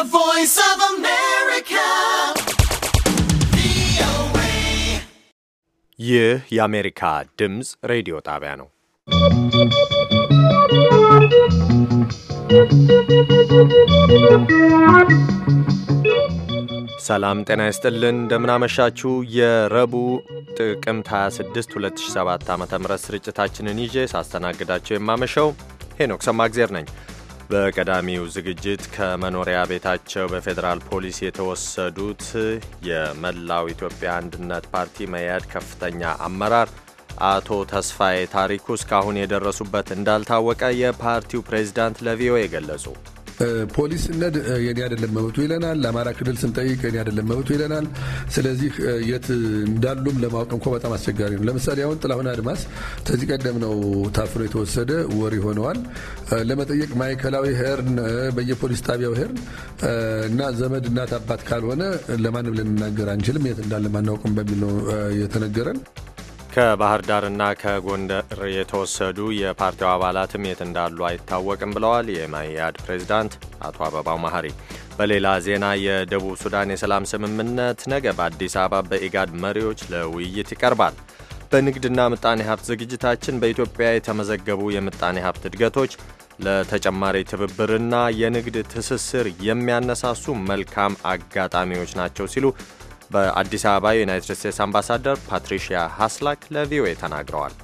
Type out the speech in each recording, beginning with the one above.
The voice of America. ይህ የአሜሪካ ድምፅ ሬዲዮ ጣቢያ ነው። ሰላም ጤና ይስጥልን። እንደምናመሻችሁ የረቡዕ ጥቅምት 26 2007 ዓ ም ስርጭታችንን ይዤ ሳስተናግዳቸው የማመሸው ሄኖክ ሰማግዜር ነኝ። በቀዳሚው ዝግጅት ከመኖሪያ ቤታቸው በፌዴራል ፖሊስ የተወሰዱት የመላው ኢትዮጵያ አንድነት ፓርቲ መያድ ከፍተኛ አመራር አቶ ተስፋዬ ታሪኩ እስካሁን የደረሱበት እንዳልታወቀ የፓርቲው ፕሬዝዳንት ለቪኦኤ ገለጹ። ፖሊስ ነድ የኔ አይደለም መብቱ ይለናል። ለአማራ ክልል ስንጠይቅ የኔ አይደለም መብቱ ይለናል። ስለዚህ የት እንዳሉም ለማወቅ እንኳ በጣም አስቸጋሪ ነው። ለምሳሌ አሁን ጥላሁን አድማስ ከዚህ ቀደም ነው ታፍኖ የተወሰደ ወር ይሆነዋል። ለመጠየቅ ማዕከላዊ ሄርን በየፖሊስ ጣቢያው ሄርን እና ዘመድ እናት አባት ካልሆነ ለማንም ልንናገር አንችልም፣ የት እንዳለ ማናውቅም በሚል ነው የተነገረን። ከባህር ዳርና ከጎንደር የተወሰዱ የፓርቲው አባላትም የት እንዳሉ አይታወቅም ብለዋል የማያድ ፕሬዚዳንት አቶ አበባው መሀሪ። በሌላ ዜና የደቡብ ሱዳን የሰላም ስምምነት ነገ በአዲስ አበባ በኢጋድ መሪዎች ለውይይት ይቀርባል። በንግድና ምጣኔ ሀብት ዝግጅታችን በኢትዮጵያ የተመዘገቡ የምጣኔ ሀብት እድገቶች ለተጨማሪ ትብብርና የንግድ ትስስር የሚያነሳሱ መልካም አጋጣሚዎች ናቸው ሲሉ በአዲስ አበባ የዩናይትድ ስቴትስ አምባሳደር ፓትሪሺያ ሃስላክ ለቪኦኤ ተናግረዋል።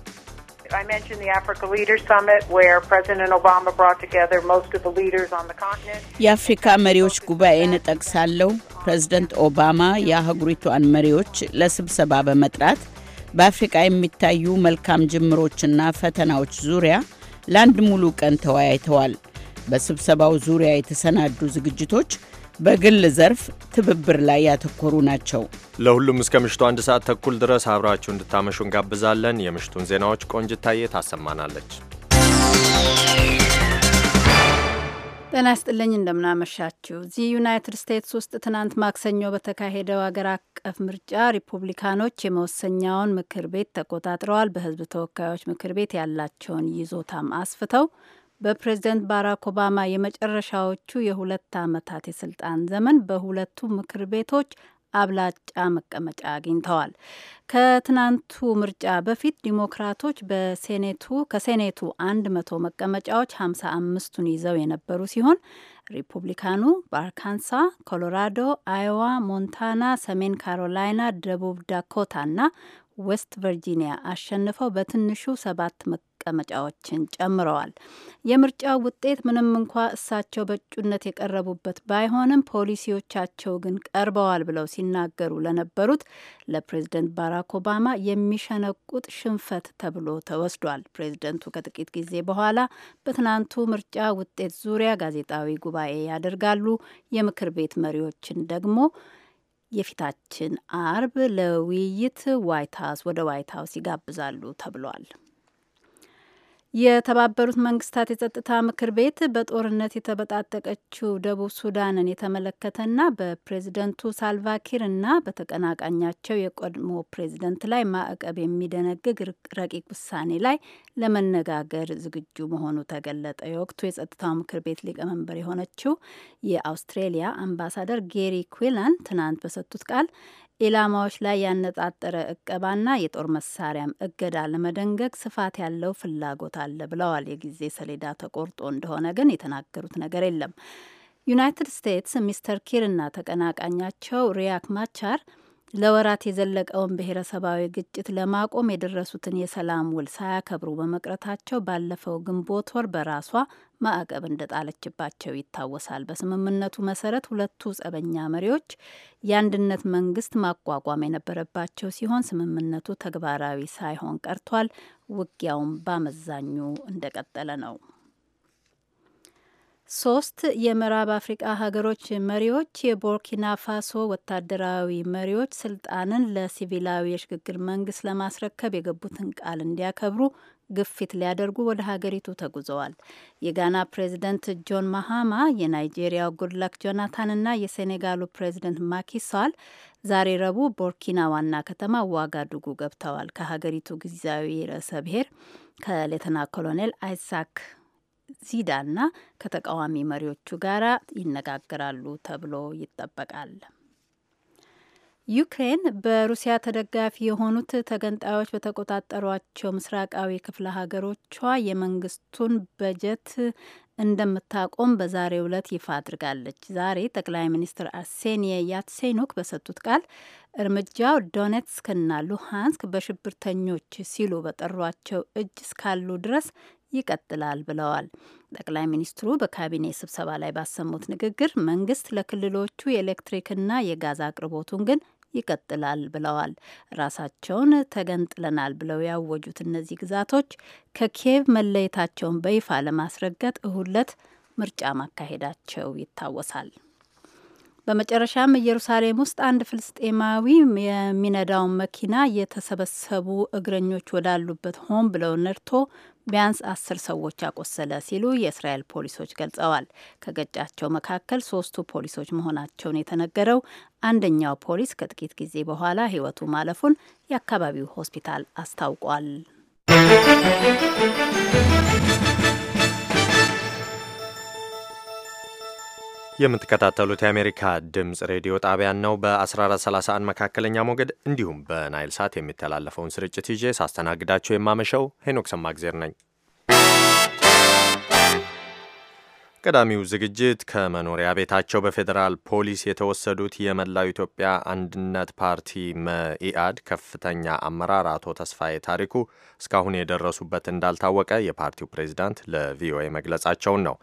የአፍሪካ መሪዎች ጉባኤን እጠቅሳለሁ። ፕሬዝደንት ኦባማ የአህጉሪቷን መሪዎች ለስብሰባ በመጥራት በአፍሪቃ የሚታዩ መልካም ጅምሮችና ፈተናዎች ዙሪያ ለአንድ ሙሉ ቀን ተወያይተዋል። በስብሰባው ዙሪያ የተሰናዱ ዝግጅቶች በግል ዘርፍ ትብብር ላይ ያተኮሩ ናቸው። ለሁሉም እስከ ምሽቱ አንድ ሰዓት ተኩል ድረስ አብራችሁ እንድታመሹ እንጋብዛለን። የምሽቱን ዜናዎች ቆንጅታዬ ታሰማናለች። ጤና ይስጥልኝ፣ እንደምናመሻችሁ። እዚህ ዩናይትድ ስቴትስ ውስጥ ትናንት ማክሰኞ በተካሄደው አገር አቀፍ ምርጫ ሪፑብሊካኖች የመወሰኛውን ምክር ቤት ተቆጣጥረዋል። በህዝብ ተወካዮች ምክር ቤት ያላቸውን ይዞታም አስፍተው በፕሬዝደንት ባራክ ኦባማ የመጨረሻዎቹ የሁለት ዓመታት የስልጣን ዘመን በሁለቱ ምክር ቤቶች አብላጫ መቀመጫ አግኝተዋል። ከትናንቱ ምርጫ በፊት ዲሞክራቶች በሴኔቱ ከሴኔቱ መቶ መቀመጫዎች ሀምሳ አምስቱን ይዘው የነበሩ ሲሆን ሪፑብሊካኑ በአርካንሳ፣ ኮሎራዶ፣ አይዋ፣ ሞንታና፣ ሰሜን ካሮላይና፣ ደቡብ ዳኮታ እና ዌስት ቨርጂኒያ አሸንፈው በትንሹ ሰባት ማስቀመጫዎችን ጨምረዋል። የምርጫው ውጤት ምንም እንኳ እሳቸው በእጩነት የቀረቡበት ባይሆንም ፖሊሲዎቻቸው ግን ቀርበዋል ብለው ሲናገሩ ለነበሩት ለፕሬዝደንት ባራክ ኦባማ የሚሸነቁጥ ሽንፈት ተብሎ ተወስዷል። ፕሬዝደንቱ ከጥቂት ጊዜ በኋላ በትናንቱ ምርጫ ውጤት ዙሪያ ጋዜጣዊ ጉባኤ ያደርጋሉ። የምክር ቤት መሪዎችን ደግሞ የፊታችን አርብ ለውይይት ዋይት ሀውስ ወደ ዋይት ሀውስ ይጋብዛሉ ተብሏል። የተባበሩት መንግስታት የጸጥታ ምክር ቤት በጦርነት የተበጣጠቀችው ደቡብ ሱዳንን የተመለከተና በፕሬዝደንቱ ሳልቫኪርና በተቀናቃኛቸው የቀድሞ ፕሬዝደንት ላይ ማዕቀብ የሚደነግግ ረቂቅ ውሳኔ ላይ ለመነጋገር ዝግጁ መሆኑ ተገለጠ። የወቅቱ የጸጥታው ምክር ቤት ሊቀመንበር የሆነችው የአውስትሬሊያ አምባሳደር ጌሪ ኩላን ትናንት በሰጡት ቃል ኢላማዎች ላይ ያነጣጠረ እቀባና የጦር መሳሪያም እገዳ ለመደንገግ ስፋት ያለው ፍላጎት አለ ብለዋል። የጊዜ ሰሌዳ ተቆርጦ እንደሆነ ግን የተናገሩት ነገር የለም። ዩናይትድ ስቴትስ ሚስተር ኪርና ተቀናቃኛቸው ሪያክ ማቻር ለወራት የዘለቀውን ብሔረሰባዊ ግጭት ለማቆም የደረሱትን የሰላም ውል ሳያከብሩ በመቅረታቸው ባለፈው ግንቦት ወር በራሷ ማዕቀብ እንደጣለችባቸው ይታወሳል። በስምምነቱ መሰረት ሁለቱ ጸበኛ መሪዎች የአንድነት መንግስት ማቋቋም የነበረባቸው ሲሆን ስምምነቱ ተግባራዊ ሳይሆን ቀርቷል። ውጊያውም በአመዛኙ እንደቀጠለ ነው። ሶስት የምዕራብ አፍሪቃ ሀገሮች መሪዎች የቦርኪና ፋሶ ወታደራዊ መሪዎች ስልጣንን ለሲቪላዊ የሽግግር መንግስት ለማስረከብ የገቡትን ቃል እንዲያከብሩ ግፊት ሊያደርጉ ወደ ሀገሪቱ ተጉዘዋል። የጋና ፕሬዚደንት ጆን ማሃማ፣ የናይጄሪያው ጉድላክ ጆናታንና የሴኔጋሉ ፕሬዚደንት ማኪሳል ዛሬ ረቡዕ ቦርኪና ዋና ከተማ ዋጋዱጉ ገብተዋል። ከሀገሪቱ ጊዜያዊ ርዕሰ ብሔር ከሌተና ኮሎኔል አይሳክ ዚዳና ከተቃዋሚ መሪዎቹ ጋር ይነጋገራሉ ተብሎ ይጠበቃል። ዩክሬን በሩሲያ ተደጋፊ የሆኑት ተገንጣዮች በተቆጣጠሯቸው ምስራቃዊ ክፍለ ሀገሮቿ የመንግስቱን በጀት እንደምታቆም በዛሬው ዕለት ይፋ አድርጋለች። ዛሬ ጠቅላይ ሚኒስትር አርሴኒ ያትሴኑክ በሰጡት ቃል እርምጃው ዶኔትስክና ሉሃንስክ በሽብርተኞች ሲሉ በጠሯቸው እጅ እስካሉ ድረስ ይቀጥላል ብለዋል። ጠቅላይ ሚኒስትሩ በካቢኔ ስብሰባ ላይ ባሰሙት ንግግር መንግስት ለክልሎቹ የኤሌክትሪክና የጋዝ አቅርቦቱን ግን ይቀጥላል ብለዋል። ራሳቸውን ተገንጥለናል ብለው ያወጁት እነዚህ ግዛቶች ከኪየቭ መለየታቸውን በይፋ ለማስረገጥ እሁድ ዕለት ምርጫ ማካሄዳቸው ይታወሳል። በመጨረሻም ኢየሩሳሌም ውስጥ አንድ ፍልስጤማዊ የሚነዳውን መኪና የተሰበሰቡ እግረኞች ወዳሉበት ሆን ብለው ነድቶ ቢያንስ አስር ሰዎች አቆሰለ ሲሉ የእስራኤል ፖሊሶች ገልጸዋል። ከገጫቸው መካከል ሶስቱ ፖሊሶች መሆናቸውን የተነገረው አንደኛው ፖሊስ ከጥቂት ጊዜ በኋላ ሕይወቱ ማለፉን የአካባቢው ሆስፒታል አስታውቋል። የምትከታተሉት የአሜሪካ ድምፅ ሬዲዮ ጣቢያን ነው። በ1431 መካከለኛ ሞገድ እንዲሁም በናይል ሳት የሚተላለፈውን ስርጭት ይዤ ሳስተናግዳቸው የማመሸው ሄኖክ ሰማግዜር ነኝ። ቀዳሚው ዝግጅት ከመኖሪያ ቤታቸው በፌዴራል ፖሊስ የተወሰዱት የመላው ኢትዮጵያ አንድነት ፓርቲ መኢአድ ከፍተኛ አመራር አቶ ተስፋዬ ታሪኩ እስካሁን የደረሱበት እንዳልታወቀ የፓርቲው ፕሬዚዳንት ለቪኦኤ መግለጻቸውን ነው።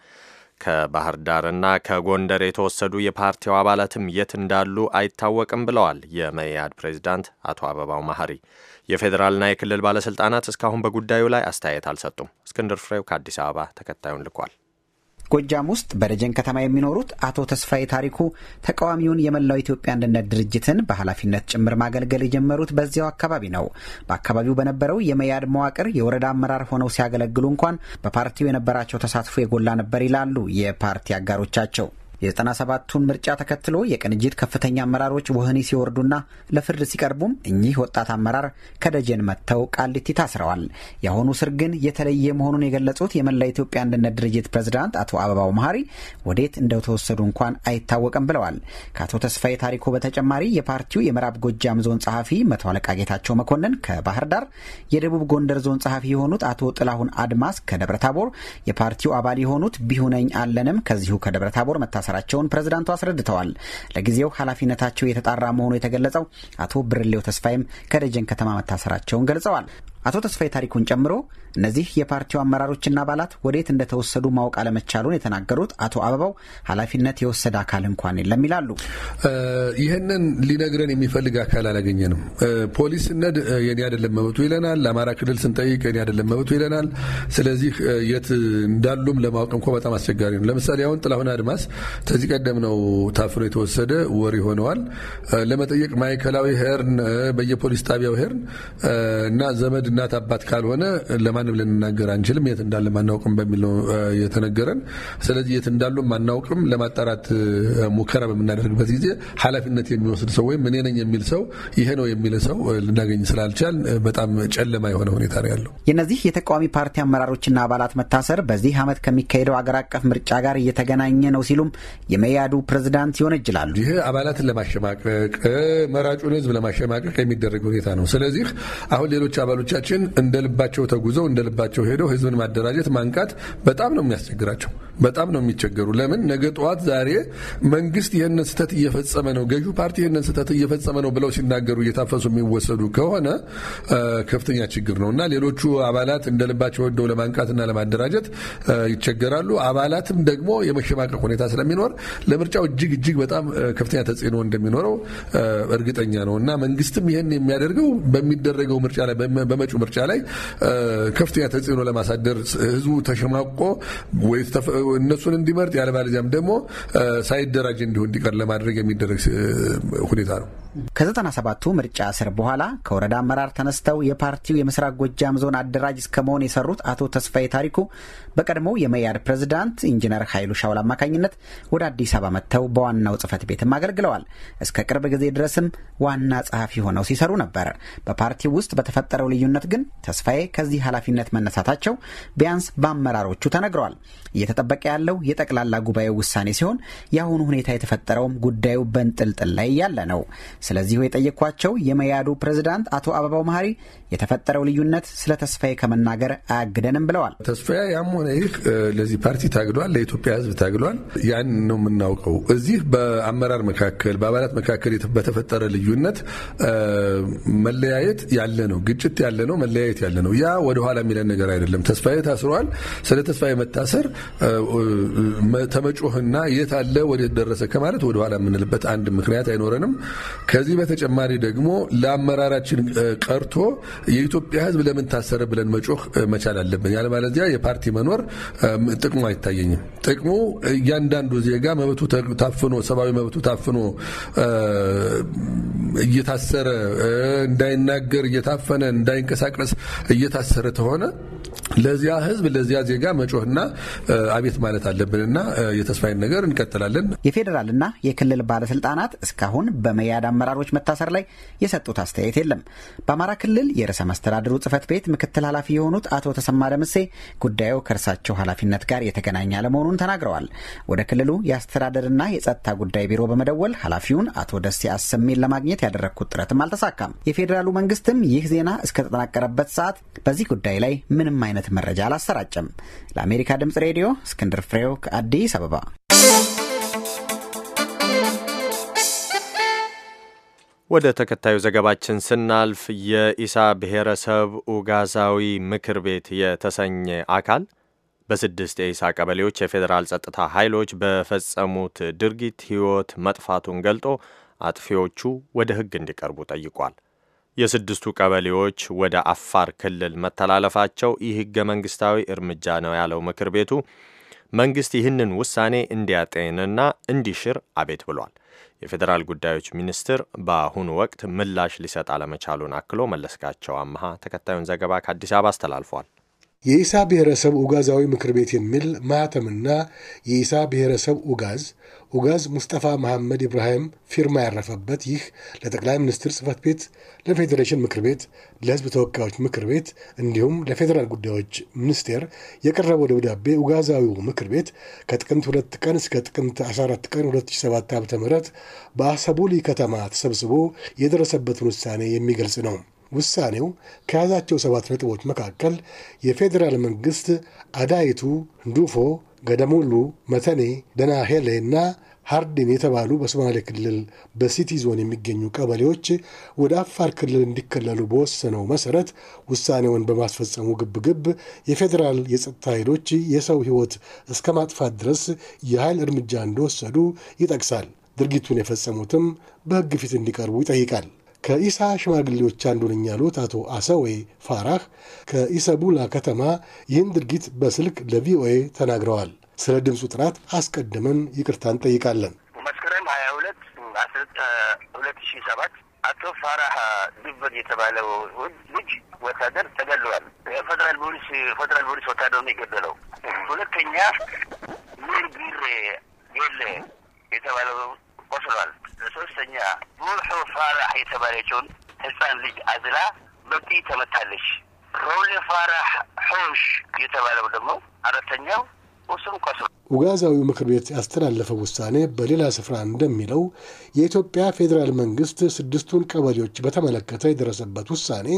ከባህር ዳርና ከጎንደር የተወሰዱ የፓርቲው አባላትም የት እንዳሉ አይታወቅም ብለዋል የመኢአድ ፕሬዚዳንት አቶ አበባው መሐሪ። የፌዴራልና የክልል ባለስልጣናት እስካሁን በጉዳዩ ላይ አስተያየት አልሰጡም። እስክንድር ፍሬው ከአዲስ አበባ ተከታዩን ልኳል። ጎጃም ውስጥ በደጀን ከተማ የሚኖሩት አቶ ተስፋዬ ታሪኩ ተቃዋሚውን የመላው ኢትዮጵያ አንድነት ድርጅትን በኃላፊነት ጭምር ማገልገል የጀመሩት በዚያው አካባቢ ነው። በአካባቢው በነበረው የመያድ መዋቅር የወረዳ አመራር ሆነው ሲያገለግሉ እንኳን በፓርቲው የነበራቸው ተሳትፎ የጎላ ነበር ይላሉ የፓርቲ አጋሮቻቸው። የ97ቱን ምርጫ ተከትሎ የቅንጅት ከፍተኛ አመራሮች ወህኒ ሲወርዱና ለፍርድ ሲቀርቡም እኚህ ወጣት አመራር ከደጀን መጥተው ቃሊቲ ታስረዋል። የአሁኑ ስር ግን የተለየ መሆኑን የገለጹት የመላ ኢትዮጵያ አንድነት ድርጅት ፕሬዝዳንት አቶ አበባው መሀሪ ወዴት እንደተወሰዱ እንኳን አይታወቅም ብለዋል። ከአቶ ተስፋዬ ታሪኮ በተጨማሪ የፓርቲው የምዕራብ ጎጃም ዞን ጸሐፊ መቶ አለቃ ጌታቸው መኮንን ከባህር ዳር፣ የደቡብ ጎንደር ዞን ጸሐፊ የሆኑት አቶ ጥላሁን አድማስ ከደብረታቦር፣ የፓርቲው አባል የሆኑት ቢሁነኝ አለንም ከዚሁ ከደብረታቦር መታሰ መታሰራቸውን ፕሬዝዳንቱ አስረድተዋል። ለጊዜው ኃላፊነታቸው የተጣራ መሆኑ የተገለጸው አቶ ብርሌው ተስፋይም ከደጀን ከተማ መታሰራቸውን ገልጸዋል። አቶ ተስፋዬ ታሪኩን ጨምሮ እነዚህ የፓርቲው አመራሮችና አባላት ወዴት እንደተወሰዱ ማወቅ አለመቻሉን የተናገሩት አቶ አበባው ኃላፊነት የወሰደ አካል እንኳን የለም ይላሉ። ይህንን ሊነግረን የሚፈልግ አካል አላገኘንም። ፖሊስ የኔ አይደለም መብቱ ይለናል። ለአማራ ክልል ስንጠይቅ የኔ አይደለም መብቱ ይለናል። ስለዚህ የት እንዳሉም ለማወቅ እንኳ በጣም አስቸጋሪ ነው። ለምሳሌ አሁን ጥላሁን አድማስ ከዚህ ቀደም ነው ታፍኖ የተወሰደ ወር ይሆነዋል። ለመጠየቅ ማዕከላዊ ሄርን፣ በየፖሊስ ጣቢያው ሄርን እና ዘመድ እናት አባት ካልሆነ ለማንም ልንናገር አንችልም፣ የት እንዳለ ማናውቅም በሚል ነው የተነገረን። ስለዚህ የት እንዳሉ ማናውቅም ለማጣራት ሙከራ በምናደርግበት ጊዜ ኃላፊነት የሚወስድ ሰው ወይም እኔ ነኝ የሚል ሰው ይሄ ነው የሚል ሰው ልናገኝ ስላልቻል በጣም ጨለማ የሆነ ሁኔታ ነው ያለው። የእነዚህ የተቃዋሚ ፓርቲ አመራሮችና አባላት መታሰር በዚህ ዓመት ከሚካሄደው አገር አቀፍ ምርጫ ጋር እየተገናኘ ነው ሲሉም የመያዱ ፕሬዝዳንት ይወነጅላሉ። ይህ አባላትን ለማሸማቀቅ መራጩን ህዝብ ለማሸማቀቅ የሚደረግ ሁኔታ ነው። ስለዚህ አሁን ሌሎች አባሎች ወጣቶቻችን እንደ ልባቸው ተጉዘው እንደ ልባቸው ሄደው ህዝብን ማደራጀት ማንቃት በጣም ነው የሚያስቸግራቸው። በጣም ነው የሚቸገሩ። ለምን ነገ ጠዋት ዛሬ መንግስት ይህንን ስህተት እየፈጸመ ነው፣ ገዢው ፓርቲ ይህንን ስህተት እየፈጸመ ነው ብለው ሲናገሩ እየታፈሱ የሚወሰዱ ከሆነ ከፍተኛ ችግር ነው እና ሌሎቹ አባላት እንደ ልባቸው ወደው ለማንቃትና ለማደራጀት ይቸገራሉ። አባላትም ደግሞ የመሸማቀቅ ሁኔታ ስለሚኖር ለምርጫው እጅግ እጅግ በጣም ከፍተኛ ተጽዕኖ እንደሚኖረው እርግጠኛ ነው እና መንግስትም ይህን የሚያደርገው በሚደረገው ምርጫ ላይ በመጪው ምርጫ ላይ ከፍተኛ ተጽዕኖ ለማሳደር ህዝቡ ተሸማቆ ወይ እነሱን እንዲመርጥ ያለባለዚያም ደግሞ ሳይደራጅ እንዲሁ እንዲቀር ለማድረግ የሚደረግ ሁኔታ ነው። ከዘጠና ሰባቱ ምርጫ እስር በኋላ ከወረዳ አመራር ተነስተው የፓርቲው የምስራቅ ጎጃም ዞን አደራጅ እስከ መሆን የሰሩት አቶ ተስፋዬ ታሪኩ በቀድሞው የመያድ ፕሬዝዳንት ኢንጂነር ኃይሉ ሻውል አማካኝነት ወደ አዲስ አበባ መጥተው በዋናው ጽህፈት ቤትም አገልግለዋል። እስከ ቅርብ ጊዜ ድረስም ዋና ጸሐፊ ሆነው ሲሰሩ ነበር። በፓርቲው ውስጥ በተፈጠረው ልዩነት እንዳሉበት ግን ተስፋዬ ከዚህ ኃላፊነት መነሳታቸው ቢያንስ በአመራሮቹ ተነግረዋል። እየተጠበቀ ያለው የጠቅላላ ጉባኤው ውሳኔ ሲሆን የአሁኑ ሁኔታ የተፈጠረውም ጉዳዩ በንጥልጥል ላይ ያለ ነው። ስለዚሁ የጠየኳቸው የመያዱ ፕሬዝዳንት አቶ አበባው መሀሪ የተፈጠረው ልዩነት ስለ ተስፋዬ ከመናገር አያግደንም ብለዋል። ተስፋ ያም ሆነ ይህ ለዚህ ፓርቲ ታግሏል፣ ለኢትዮጵያ ሕዝብ ታግሏል። ያን ነው የምናውቀው። እዚህ በአመራር መካከል በአባላት መካከል በተፈጠረ ልዩነት መለያየት ያለ ነው፣ ግጭት ያለ ነው። ነው መለያየት ያለ ነው። ያ ወደኋላ የሚለን ነገር አይደለም። ተስፋዬ ታስሯል። ስለ ተስፋዬ መታሰር ተመጮህና የት አለ ወደ ደረሰ ከማለት ወደኋላ የምንልበት አንድ ምክንያት አይኖረንም። ከዚህ በተጨማሪ ደግሞ ለአመራራችን ቀርቶ የኢትዮጵያ ሕዝብ ለምን ታሰረ ብለን መጮህ መቻል አለብን። ያለማለዚያ የፓርቲ መኖር ጥቅሙ አይታየኝም። ጥቅሙ እያንዳንዱ ዜጋ መብቱ ታፍኖ ሰብአዊ መብቱ ታፍኖ እየታሰረ እንዳይናገር እየታፈነ እንዳይንቀሳ እንዳይንቀሳቀስ እየታሰረ ተሆነ ለዚያ ህዝብ ለዚያ ዜጋ መጮህና አቤት ማለት አለብንና የተስፋይን ነገር እንቀጥላለን። የፌዴራልና የክልል ባለስልጣናት እስካሁን በመያድ አመራሮች መታሰር ላይ የሰጡት አስተያየት የለም። በአማራ ክልል የርዕሰ መስተዳድሩ ጽህፈት ቤት ምክትል ኃላፊ የሆኑት አቶ ተሰማ ደምሴ ጉዳዩ ከእርሳቸው ኃላፊነት ጋር የተገናኘ አለመሆኑን ተናግረዋል። ወደ ክልሉ የአስተዳደርና የጸጥታ ጉዳይ ቢሮ በመደወል ኃላፊውን አቶ ደሴ አሰሜን ለማግኘት ያደረግኩት ጥረትም አልተሳካም። የፌዴራሉ መንግስትም ይህ ዜና እስከ በተጠናቀረበት ሰዓት በዚህ ጉዳይ ላይ ምንም አይነት መረጃ አላሰራጭም። ለአሜሪካ ድምጽ ሬዲዮ እስክንድር ፍሬው ከአዲስ አበባ። ወደ ተከታዩ ዘገባችን ስናልፍ የኢሳ ብሔረሰብ ኡጋዛዊ ምክር ቤት የተሰኘ አካል በስድስት የኢሳ ቀበሌዎች የፌዴራል ጸጥታ ኃይሎች በፈጸሙት ድርጊት ሕይወት መጥፋቱን ገልጦ አጥፊዎቹ ወደ ሕግ እንዲቀርቡ ጠይቋል። የስድስቱ ቀበሌዎች ወደ አፋር ክልል መተላለፋቸው ይህ ህገ መንግስታዊ እርምጃ ነው ያለው ምክር ቤቱ መንግስት ይህንን ውሳኔ እንዲያጤንና እንዲሽር አቤት ብሏል። የፌዴራል ጉዳዮች ሚኒስትር በአሁኑ ወቅት ምላሽ ሊሰጥ አለመቻሉን አክሎ መለስካቸው አመሃ ተከታዩን ዘገባ ከአዲስ አበባ አስተላልፏል። የኢሳ ብሔረሰብ ኡጋዛዊ ምክር ቤት የሚል ማህተምና የኢሳ ብሔረሰብ ኡጋዝ ኡጋዝ ሙስጠፋ መሐመድ ኢብራሂም ፊርማ ያረፈበት ይህ ለጠቅላይ ሚኒስትር ጽህፈት ቤት፣ ለፌዴሬሽን ምክር ቤት፣ ለህዝብ ተወካዮች ምክር ቤት እንዲሁም ለፌዴራል ጉዳዮች ሚኒስቴር የቀረበው ደብዳቤ ኡጋዛዊው ምክር ቤት ከጥቅምት 2 ቀን እስከ ጥቅምት 14 ቀን 2007 ዓ ም በአሰቡሊ ከተማ ተሰብስቦ የደረሰበትን ውሳኔ የሚገልጽ ነው። ውሳኔው ከያዛቸው ሰባት ነጥቦች መካከል የፌዴራል መንግሥት አዳይቱ፣ ዱፎ፣ ገደሙሉ፣ መተኔ፣ ደናሄሌ እና ሃርዲን የተባሉ በሶማሌ ክልል በሲቲ ዞን የሚገኙ ቀበሌዎች ወደ አፋር ክልል እንዲከለሉ በወሰነው መሰረት ውሳኔውን በማስፈጸሙ ግብግብ የፌዴራል የጸጥታ ኃይሎች የሰው ሕይወት እስከ ማጥፋት ድረስ የኃይል እርምጃ እንደወሰዱ ይጠቅሳል። ድርጊቱን የፈጸሙትም በሕግ ፊት እንዲቀርቡ ይጠይቃል። ከኢሳ ሽማግሌዎች አንዱ ነኝ ያሉት አቶ አሰዌ ፋራህ ከኢሰቡላ ከተማ ይህን ድርጊት በስልክ ለቪኦኤ ተናግረዋል። ስለ ድምፁ ጥራት አስቀድመን ይቅርታ እንጠይቃለን። መስከረም ሀያ ሁለት ሁለት ሺ ሰባት አቶ ፋራህ ድበድ የተባለው ልጅ ወታደር ተገለዋል። ፌደራል ፖሊስ ፌደራል ፖሊስ ወታደር ነው የገደለው። ሁለተኛ ሚርጊር ጌለ የተባለው ቆስሏል። ሶስተኛ ሙልሑ ፋራህ የተባለችውን ህፃን ልጅ አዝላ በቂ ተመታለች። ሮሊ ፋራህ ሖሽ የተባለው ደግሞ አራተኛው እሱም ቆስሏል። ምክር ቤት ያስተላለፈው ውሳኔ በሌላ ስፍራ እንደሚለው የኢትዮጵያ ፌዴራል መንግስት ስድስቱን ቀበሌዎች በተመለከተ የደረሰበት ውሳኔ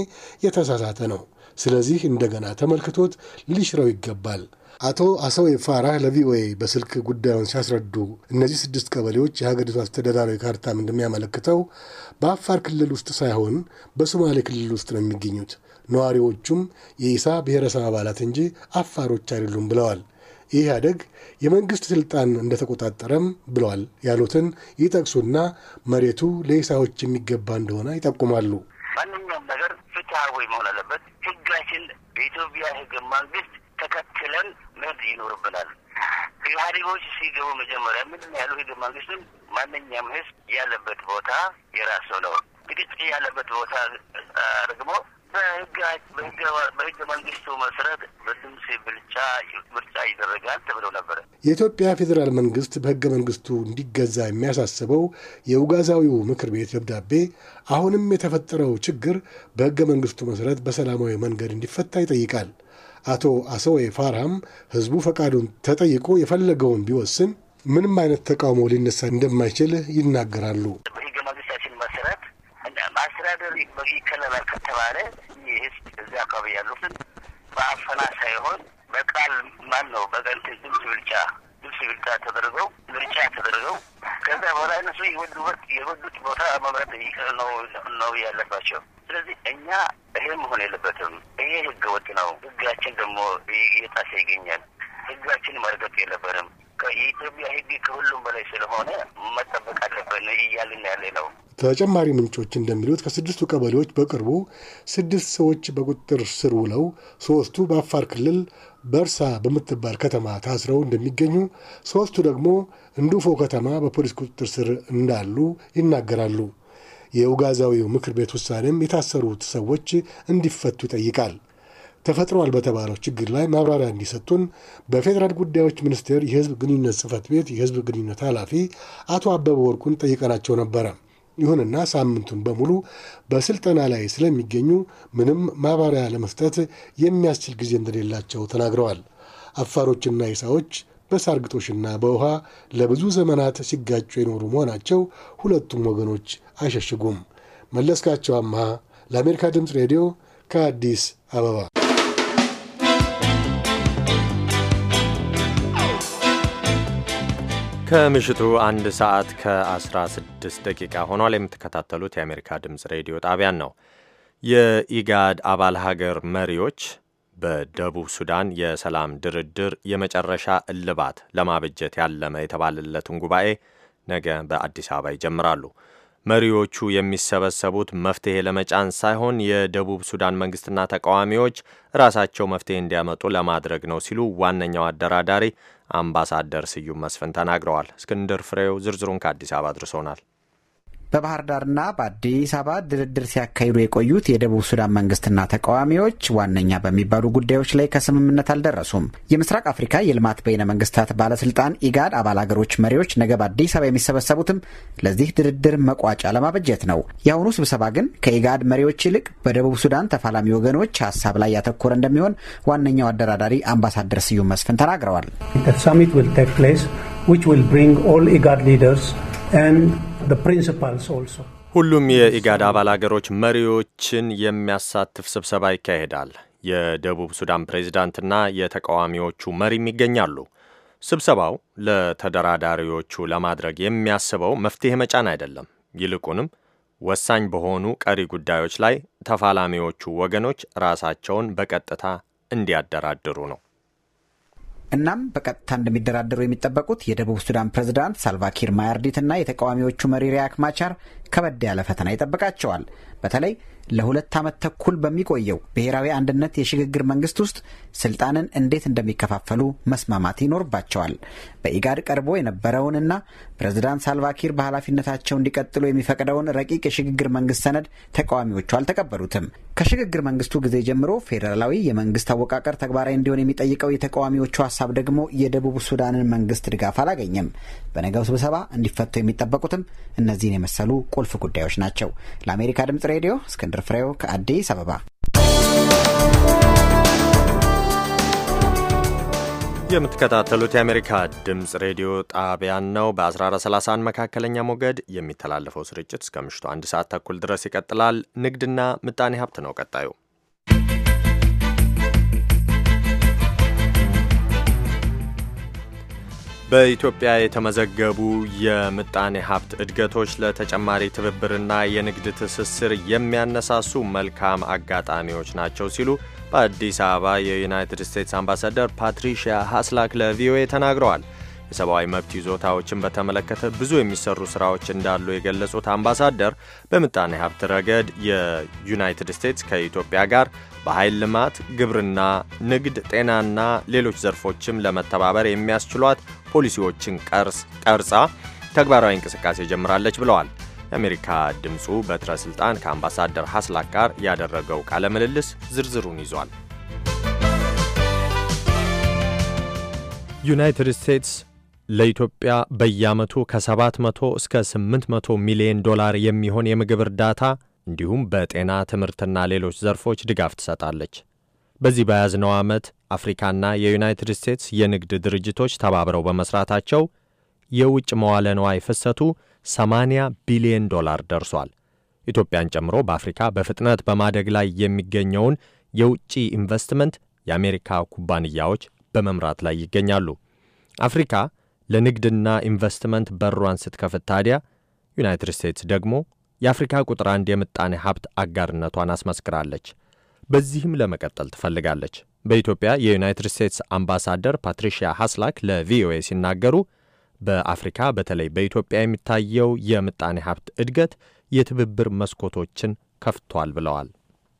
የተሳሳተ ነው። ስለዚህ እንደገና ተመልክቶት ሊሽረው ይገባል። አቶ አሰው ፋራህ ለቪኦኤ በስልክ ጉዳዩን ሲያስረዱ እነዚህ ስድስት ቀበሌዎች የሀገሪቱ አስተዳዳራዊ ካርታም እንደሚያመለክተው በአፋር ክልል ውስጥ ሳይሆን በሶማሌ ክልል ውስጥ ነው የሚገኙት። ነዋሪዎቹም የኢሳ ብሔረሰብ አባላት እንጂ አፋሮች አይደሉም ብለዋል። ይህ ኢህአደግ የመንግስት ስልጣን እንደተቆጣጠረም ብለዋል ያሉትን ይጠቅሱና መሬቱ ለኢሳዎች የሚገባ እንደሆነ ይጠቁማሉ። ማንኛውም ነገር ፍትሐዊ መሆን አለበት። ህጋችን በኢትዮጵያ ህገ መንግስት ተከትለን መሄድ ይኖርብናል። ኢህአዴጎች ሲገቡ መጀመሪያ ምንም ያሉ ህገ መንግስቱን ማንኛውም ህዝብ ያለበት ቦታ የራሱ ነው። ግጭት ያለበት ቦታ ደግሞ በህገ መንግስቱ መሰረት በድምፅ ብልጫ ምርጫ ይደረጋል ተብሎ ነበረ። የኢትዮጵያ ፌዴራል መንግስት በህገ መንግስቱ እንዲገዛ የሚያሳስበው የውጋዛዊው ምክር ቤት ደብዳቤ አሁንም የተፈጠረው ችግር በህገ መንግስቱ መሰረት በሰላማዊ መንገድ እንዲፈታ ይጠይቃል። አቶ አሰወይ ፋርሃም ህዝቡ ፈቃዱን ተጠይቆ የፈለገውን ቢወስን ምንም አይነት ተቃውሞ ሊነሳ እንደማይችል ይናገራሉ። በህገ መንግስታችን መሰረት አስተዳደር ይከለላል ከተባለ ህዝብ እዚያ አካባቢ ያሉትን በአፈና ሳይሆን በቃል ማን ነው ድምፅ ብልጫ ድምፅ ብልጫ ተደርገው ምርጫ ተደርገው ከዛ በኋላ እነሱ የወዱበት የወዱት ቦታ መምረጥ ነው ነው ያለባቸው። ስለዚህ እኛ ይሄ መሆን የለበትም። ይሄ ህገ ወጥ ነው። ህጋችን ደግሞ እየጣሰ ይገኛል። ህጋችን መርገጥ የለብንም። የኢትዮጵያ ህግ ከሁሉም በላይ ስለሆነ መጠበቅ አለበን እያልን ያለ ነው። ተጨማሪ ምንጮች እንደሚሉት ከስድስቱ ቀበሌዎች በቅርቡ ስድስት ሰዎች በቁጥጥር ስር ውለው ሶስቱ በአፋር ክልል በርሳ በምትባል ከተማ ታስረው እንደሚገኙ፣ ሶስቱ ደግሞ እንዱፎ ከተማ በፖሊስ ቁጥጥር ስር እንዳሉ ይናገራሉ። የኡጋዛዊው ምክር ቤት ውሳኔም የታሰሩት ሰዎች እንዲፈቱ ይጠይቃል። ተፈጥሯል በተባለው ችግር ላይ ማብራሪያ እንዲሰጡን በፌዴራል ጉዳዮች ሚኒስቴር የህዝብ ግንኙነት ጽህፈት ቤት የህዝብ ግንኙነት ኃላፊ አቶ አበበ ወርቁን ጠይቀናቸው ነበረ። ይሁንና ሳምንቱን በሙሉ በስልጠና ላይ ስለሚገኙ ምንም ማብራሪያ ለመስጠት የሚያስችል ጊዜ እንደሌላቸው ተናግረዋል። አፋሮችና ኢሳዎች በሳር ግጦሽና በውሃ ለብዙ ዘመናት ሲጋጩ የኖሩ መሆናቸው ሁለቱም ወገኖች አይሸሽጉም። መለስካቸው አምሃ ለአሜሪካ ድምፅ ሬዲዮ ከአዲስ አበባ ከምሽቱ አንድ ሰዓት ከ16 ደቂቃ ሆኗል። የምትከታተሉት የአሜሪካ ድምፅ ሬዲዮ ጣቢያን ነው። የኢጋድ አባል ሀገር መሪዎች በደቡብ ሱዳን የሰላም ድርድር የመጨረሻ እልባት ለማበጀት ያለመ የተባለለትን ጉባኤ ነገ በአዲስ አበባ ይጀምራሉ። መሪዎቹ የሚሰበሰቡት መፍትሄ ለመጫን ሳይሆን የደቡብ ሱዳን መንግስትና ተቃዋሚዎች ራሳቸው መፍትሄ እንዲያመጡ ለማድረግ ነው ሲሉ ዋነኛው አደራዳሪ አምባሳደር ስዩም መስፍን ተናግረዋል። እስክንድር ፍሬው ዝርዝሩን ከአዲስ አበባ አድርሶናል። በባህር ዳርና በአዲስ አበባ ድርድር ሲያካሂዱ የቆዩት የደቡብ ሱዳን መንግስትና ተቃዋሚዎች ዋነኛ በሚባሉ ጉዳዮች ላይ ከስምምነት አልደረሱም። የምስራቅ አፍሪካ የልማት በይነ መንግስታት ባለስልጣን ኢጋድ አባል አገሮች መሪዎች ነገ በአዲስ አበባ የሚሰበሰቡትም ለዚህ ድርድር መቋጫ ለማበጀት ነው። የአሁኑ ስብሰባ ግን ከኢጋድ መሪዎች ይልቅ በደቡብ ሱዳን ተፋላሚ ወገኖች ሀሳብ ላይ ያተኮረ እንደሚሆን ዋነኛው አደራዳሪ አምባሳደር ስዩም መስፍን ተናግረዋል። ሁሉም የኢጋድ አባል አገሮች መሪዎችን የሚያሳትፍ ስብሰባ ይካሄዳል። የደቡብ ሱዳን ፕሬዝዳንትና የተቃዋሚዎቹ መሪም ይገኛሉ። ስብሰባው ለተደራዳሪዎቹ ለማድረግ የሚያስበው መፍትሄ መጫን አይደለም። ይልቁንም ወሳኝ በሆኑ ቀሪ ጉዳዮች ላይ ተፋላሚዎቹ ወገኖች ራሳቸውን በቀጥታ እንዲያደራድሩ ነው። እናም በቀጥታ እንደሚደራደሩ የሚጠበቁት የደቡብ ሱዳን ፕሬዝዳንት ሳልቫኪር ማያርዲት እና የተቃዋሚዎቹ መሪ ሪያክ ማቻር ከበድ ያለ ፈተና ይጠብቃቸዋል። በተለይ ለሁለት ዓመት ተኩል በሚቆየው ብሔራዊ አንድነት የሽግግር መንግስት ውስጥ ስልጣንን እንዴት እንደሚከፋፈሉ መስማማት ይኖርባቸዋል። በኢጋድ ቀርቦ የነበረውንና ፕሬዝዳንት ሳልቫኪር በኃላፊነታቸው እንዲቀጥሉ የሚፈቅደውን ረቂቅ የሽግግር መንግስት ሰነድ ተቃዋሚዎቹ አልተቀበሉትም። ከሽግግር መንግስቱ ጊዜ ጀምሮ ፌዴራላዊ የመንግስት አወቃቀር ተግባራዊ እንዲሆን የሚጠይቀው የተቃዋሚዎቹ ሀሳብ ደግሞ የደቡብ ሱዳንን መንግስት ድጋፍ አላገኘም። በነገው ስብሰባ እንዲፈቱ የሚጠበቁትም እነዚህን የመሰሉ ቁልፍ ጉዳዮች ናቸው። ለአሜሪካ ድምጽ ሬዲዮ እስክንድር ፍሬው ከአዲስ አበባ። የምትከታተሉት የአሜሪካ ድምፅ ሬዲዮ ጣቢያን ነው። በ1431 መካከለኛ ሞገድ የሚተላለፈው ስርጭት እስከ ምሽቱ አንድ ሰዓት ተኩል ድረስ ይቀጥላል። ንግድና ምጣኔ ሀብት ነው ቀጣዩ በኢትዮጵያ የተመዘገቡ የምጣኔ ሀብት እድገቶች ለተጨማሪ ትብብርና የንግድ ትስስር የሚያነሳሱ መልካም አጋጣሚዎች ናቸው ሲሉ በአዲስ አበባ የዩናይትድ ስቴትስ አምባሳደር ፓትሪሺያ ሀስላክ ለቪኦኤ ተናግረዋል። የሰብአዊ መብት ይዞታዎችን በተመለከተ ብዙ የሚሰሩ ስራዎች እንዳሉ የገለጹት አምባሳደር በምጣኔ ሀብት ረገድ የዩናይትድ ስቴትስ ከኢትዮጵያ ጋር በኃይል ልማት፣ ግብርና፣ ንግድ፣ ጤናና ሌሎች ዘርፎችም ለመተባበር የሚያስችሏት ፖሊሲዎችን ቀርጻ ተግባራዊ እንቅስቃሴ ጀምራለች ብለዋል። የአሜሪካ ድምፁ በትረ ስልጣን ከአምባሳደር ሀስላክ ጋር ያደረገው ቃለ ምልልስ ዝርዝሩን ይዟል። ዩናይትድ ስቴትስ ለኢትዮጵያ በየዓመቱ ከ700 እስከ 800 ሚሊዮን ዶላር የሚሆን የምግብ እርዳታ እንዲሁም በጤና ትምህርትና ሌሎች ዘርፎች ድጋፍ ትሰጣለች። በዚህ በያዝነው ዓመት አፍሪካና የዩናይትድ ስቴትስ የንግድ ድርጅቶች ተባብረው በመስራታቸው የውጭ መዋለ ንዋይ ፍሰቱ 80 ቢሊዮን ዶላር ደርሷል። ኢትዮጵያን ጨምሮ በአፍሪካ በፍጥነት በማደግ ላይ የሚገኘውን የውጭ ኢንቨስትመንት የአሜሪካ ኩባንያዎች በመምራት ላይ ይገኛሉ። አፍሪካ ለንግድና ኢንቨስትመንት በሯን ስትከፍት ታዲያ ዩናይትድ ስቴትስ ደግሞ የአፍሪካ ቁጥር አንድ የምጣኔ ሀብት አጋርነቷን አስመስክራለች። በዚህም ለመቀጠል ትፈልጋለች። በኢትዮጵያ የዩናይትድ ስቴትስ አምባሳደር ፓትሪሺያ ሀስላክ ለቪኦኤ ሲናገሩ በአፍሪካ በተለይ በኢትዮጵያ የሚታየው የምጣኔ ሀብት እድገት የትብብር መስኮቶችን ከፍቷል ብለዋል።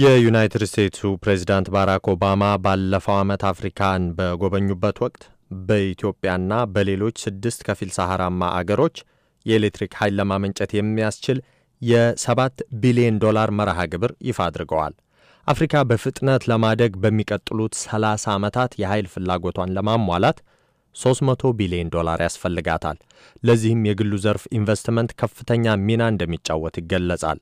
የዩናይትድ ስቴትሱ ፕሬዚዳንት ባራክ ኦባማ ባለፈው ዓመት አፍሪካን በጎበኙበት ወቅት በኢትዮጵያና በሌሎች ስድስት ከፊል ሰሐራማ አገሮች የኤሌክትሪክ ኃይል ለማመንጨት የሚያስችል የሰባት ቢሊዮን ዶላር መርሃ ግብር ይፋ አድርገዋል። አፍሪካ በፍጥነት ለማደግ በሚቀጥሉት 30 ዓመታት የኃይል ፍላጎቷን ለማሟላት 300 ቢሊዮን ዶላር ያስፈልጋታል። ለዚህም የግሉ ዘርፍ ኢንቨስትመንት ከፍተኛ ሚና እንደሚጫወት ይገለጻል።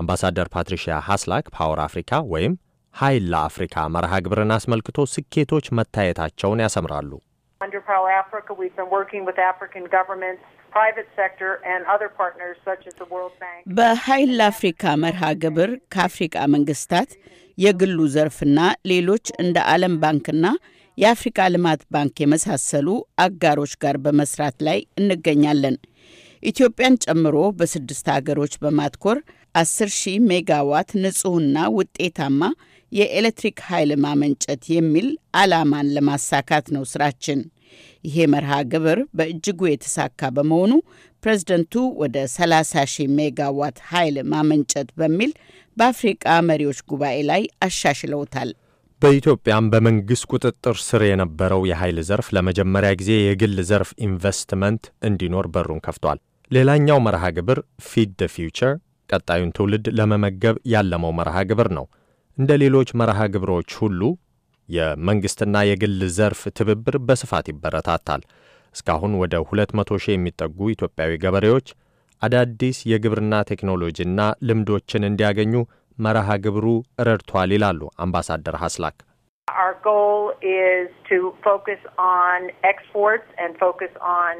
አምባሳደር ፓትሪሺያ ሃስላክ ፓወር አፍሪካ ወይም ኃይል ለአፍሪካ መርሃ ግብርን አስመልክቶ ስኬቶች መታየታቸውን ያሰምራሉ። በኃይል ለአፍሪካ መርሃ ግብር ከአፍሪቃ መንግስታት፣ የግሉ ዘርፍና ሌሎች እንደ ዓለም ባንክና የአፍሪካ ልማት ባንክ የመሳሰሉ አጋሮች ጋር በመስራት ላይ እንገኛለን። ኢትዮጵያን ጨምሮ በስድስት ሀገሮች በማትኮር 10 ሺህ ሜጋዋት ንጹህና ውጤታማ የኤሌክትሪክ ኃይል ማመንጨት የሚል ዓላማን ለማሳካት ነው ስራችን። ይሄ መርሃ ግብር በእጅጉ የተሳካ በመሆኑ ፕሬዝደንቱ ወደ 30 ሺህ ሜጋዋት ኃይል ማመንጨት በሚል በአፍሪቃ መሪዎች ጉባኤ ላይ አሻሽለውታል። በኢትዮጵያም በመንግሥት ቁጥጥር ስር የነበረው የኃይል ዘርፍ ለመጀመሪያ ጊዜ የግል ዘርፍ ኢንቨስትመንት እንዲኖር በሩን ከፍቷል። ሌላኛው መርሃ ግብር ፊድ ደ ፊውቸር ቀጣዩን ትውልድ ለመመገብ ያለመው መርሃ ግብር ነው። እንደ ሌሎች መርሃ ግብሮች ሁሉ የመንግሥትና የግል ዘርፍ ትብብር በስፋት ይበረታታል። እስካሁን ወደ 200 ሺህ የሚጠጉ ኢትዮጵያዊ ገበሬዎች አዳዲስ የግብርና ቴክኖሎጂና ልምዶችን እንዲያገኙ መርሃ ግብሩ ረድቷል ይላሉ አምባሳደር ሀስላክ። Our goal is to focus on exports and focus on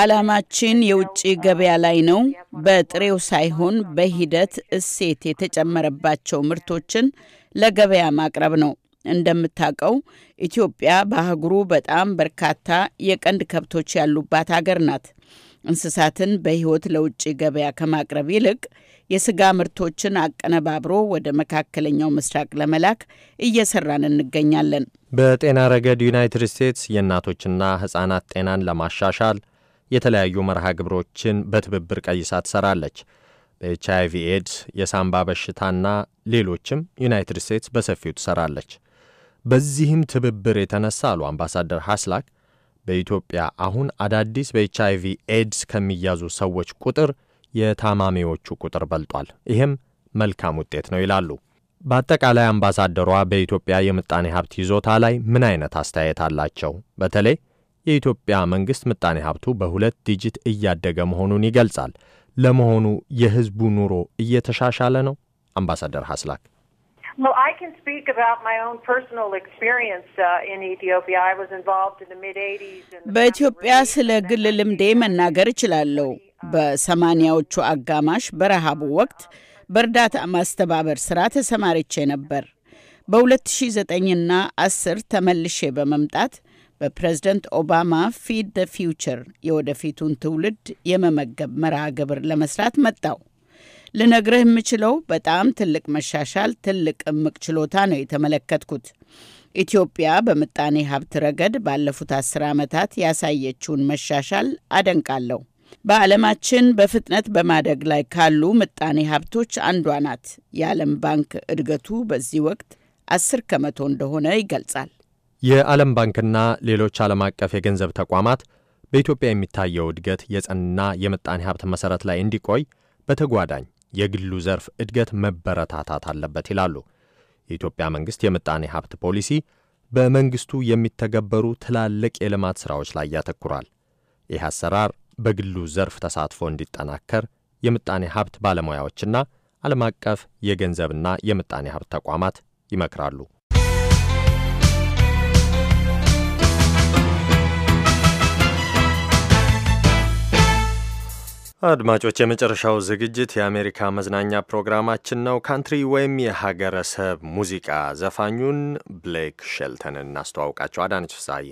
ዓላማችን የውጭ ገበያ ላይ ነው። በጥሬው ሳይሆን በሂደት እሴት የተጨመረባቸው ምርቶችን ለገበያ ማቅረብ ነው። እንደምታውቀው ኢትዮጵያ በአህጉሩ በጣም በርካታ የቀንድ ከብቶች ያሉባት አገር ናት። እንስሳትን በሕይወት ለውጭ ገበያ ከማቅረብ ይልቅ የስጋ ምርቶችን አቀነባብሮ ወደ መካከለኛው ምስራቅ ለመላክ እየሰራን እንገኛለን። በጤና ረገድ ዩናይትድ ስቴትስ የእናቶችና ሕጻናት ጤናን ለማሻሻል የተለያዩ መርሃ ግብሮችን በትብብር ቀይሳ ትሰራለች። በኤች አይቪ ኤድስ፣ የሳምባ በሽታና ሌሎችም ዩናይትድ ስቴትስ በሰፊው ትሰራለች። በዚህም ትብብር የተነሳ አሉ አምባሳደር ሐስላክ በኢትዮጵያ አሁን አዳዲስ በኤች አይቪ ኤድስ ከሚያዙ ሰዎች ቁጥር የታማሚዎቹ ቁጥር በልጧል። ይህም መልካም ውጤት ነው ይላሉ። በአጠቃላይ አምባሳደሯ በኢትዮጵያ የምጣኔ ሀብት ይዞታ ላይ ምን አይነት አስተያየት አላቸው? በተለይ የኢትዮጵያ መንግሥት ምጣኔ ሀብቱ በሁለት ዲጂት እያደገ መሆኑን ይገልጻል። ለመሆኑ የሕዝቡ ኑሮ እየተሻሻለ ነው? አምባሳደር ሀስላክ በኢትዮጵያ ስለ ግል ልምዴ መናገር እችላለሁ። በሰማኒያዎቹ አጋማሽ በረሃቡ ወቅት በእርዳታ ማስተባበር ስራ ተሰማርቼ ነበር። በ2009ና 10 ተመልሼ በመምጣት በፕሬዝደንት ኦባማ ፊድ ደ ፊውቸር የወደፊቱን ትውልድ የመመገብ መርሃ ግብር ለመስራት መጣው። ልነግርህ የምችለው በጣም ትልቅ መሻሻል፣ ትልቅ እምቅ ችሎታ ነው የተመለከትኩት። ኢትዮጵያ በምጣኔ ሀብት ረገድ ባለፉት አስር ዓመታት ያሳየችውን መሻሻል አደንቃለሁ። በዓለማችን በፍጥነት በማደግ ላይ ካሉ ምጣኔ ሀብቶች አንዷ ናት። የዓለም ባንክ እድገቱ በዚህ ወቅት አስር ከመቶ እንደሆነ ይገልጻል። የዓለም ባንክና ሌሎች ዓለም አቀፍ የገንዘብ ተቋማት በኢትዮጵያ የሚታየው እድገት የጸና የምጣኔ ሀብት መሠረት ላይ እንዲቆይ በተጓዳኝ የግሉ ዘርፍ እድገት መበረታታት አለበት ይላሉ። የኢትዮጵያ መንግሥት የምጣኔ ሀብት ፖሊሲ በመንግሥቱ የሚተገበሩ ትላልቅ የልማት ሥራዎች ላይ ያተኩራል። ይህ አሰራር በግሉ ዘርፍ ተሳትፎ እንዲጠናከር የምጣኔ ሀብት ባለሙያዎችና ዓለም አቀፍ የገንዘብና የምጣኔ ሀብት ተቋማት ይመክራሉ። አድማጮች የመጨረሻው ዝግጅት የአሜሪካ መዝናኛ ፕሮግራማችን ነው። ካንትሪ ወይም የሀገረሰብ ሙዚቃ ዘፋኙን ብሌክ ሼልተንን እናስተዋውቃቸው። አዳነች ፍሳይ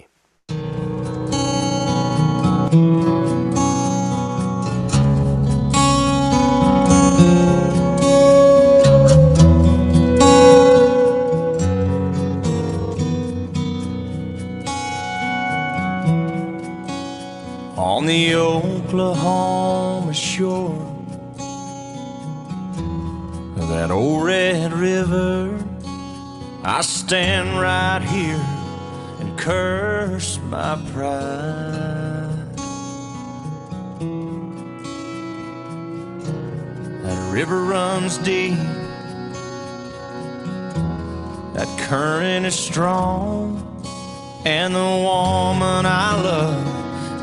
On the Oklahoma from ashore that old red river I stand right here and curse my pride That river runs deep That current is strong And the woman I love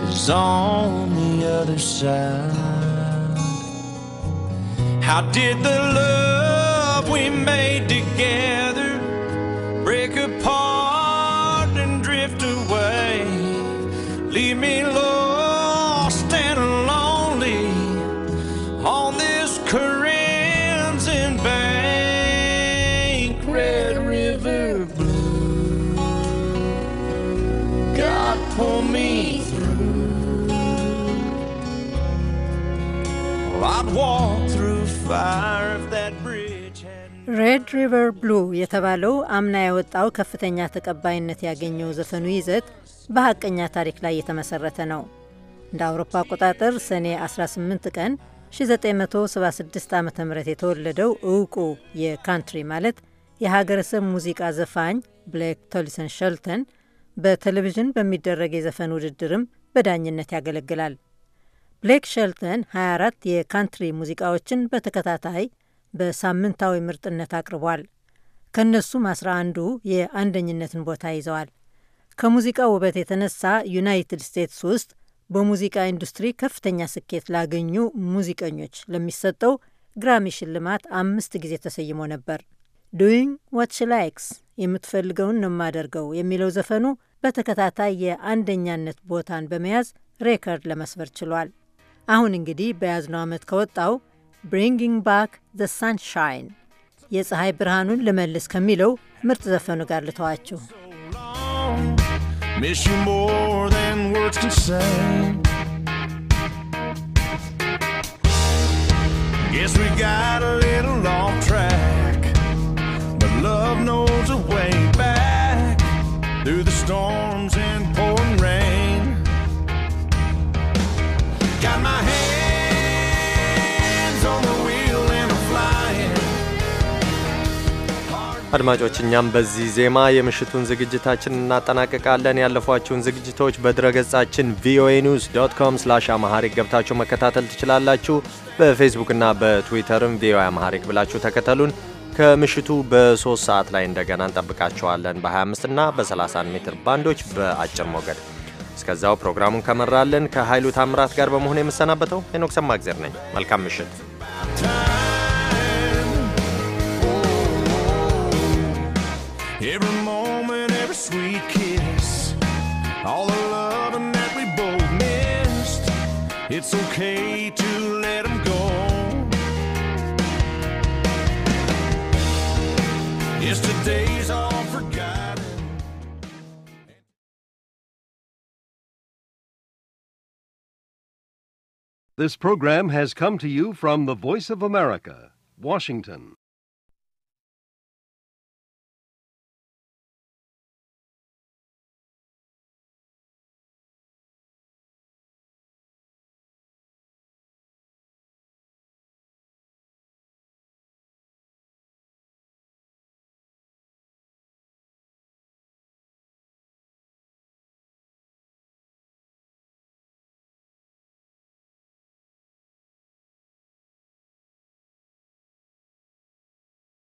is on the other side how did the love we made together? ሬድ ሪቨር ብሉ የተባለው አምና የወጣው ከፍተኛ ተቀባይነት ያገኘው ዘፈኑ ይዘት በሐቀኛ ታሪክ ላይ የተመሠረተ ነው። እንደ አውሮፓ አቆጣጠር ሰኔ 18 ቀን 1976 ዓ ም የተወለደው እውቁ የካንትሪ ማለት የሀገረሰብ ሙዚቃ ዘፋኝ ብሌክ ቶሊሰን ሸልተን በቴሌቪዥን በሚደረግ የዘፈን ውድድርም በዳኝነት ያገለግላል። ብሌክ ሸልተን 24 የካንትሪ ሙዚቃዎችን በተከታታይ በሳምንታዊ ምርጥነት አቅርቧል። ከእነሱም አስራ አንዱ የአንደኝነትን ቦታ ይዘዋል። ከሙዚቃ ውበት የተነሳ ዩናይትድ ስቴትስ ውስጥ በሙዚቃ ኢንዱስትሪ ከፍተኛ ስኬት ላገኙ ሙዚቀኞች ለሚሰጠው ግራሚ ሽልማት አምስት ጊዜ ተሰይሞ ነበር። ዱዊንግ ዋት ሺ ላይክስ የምትፈልገውን ነው የማደርገው የሚለው ዘፈኑ በተከታታይ የአንደኛነት ቦታን በመያዝ ሬከርድ ለመስበር ችሏል። አሁን እንግዲህ በያዝነው ዓመት ከወጣው ብሪንጊንግ ባክ ዘ ሳንሻይን የፀሐይ ብርሃኑን ልመልስ ከሚለው ምርጥ ዘፈኑ ጋር ልተዋችሁ። Yes, we got a አድማጮች እኛም በዚህ ዜማ የምሽቱን ዝግጅታችን እናጠናቅቃለን። ያለፏችሁን ዝግጅቶች በድረገጻችን ቪኦኤ ኒውስ ዶት ኮም ስላሽ አማሐሪክ ገብታችሁ መከታተል ትችላላችሁ። በፌስቡክና በትዊተርም ቪኦኤ አማሐሪክ ብላችሁ ተከተሉን። ከምሽቱ በሶስት ሰዓት ላይ እንደገና እንጠብቃችኋለን በ25 እና በ31 ሜትር ባንዶች በአጭር ሞገድ። እስከዛው ፕሮግራሙን ከመራለን ከኃይሉ ታምራት ጋር በመሆን የምሰናበተው ሄኖክ ነኝ። መልካም ምሽት። kiss. All the loving that we both missed. It's okay to let go. Yesterday's all This program has come to you from the Voice of America, Washington.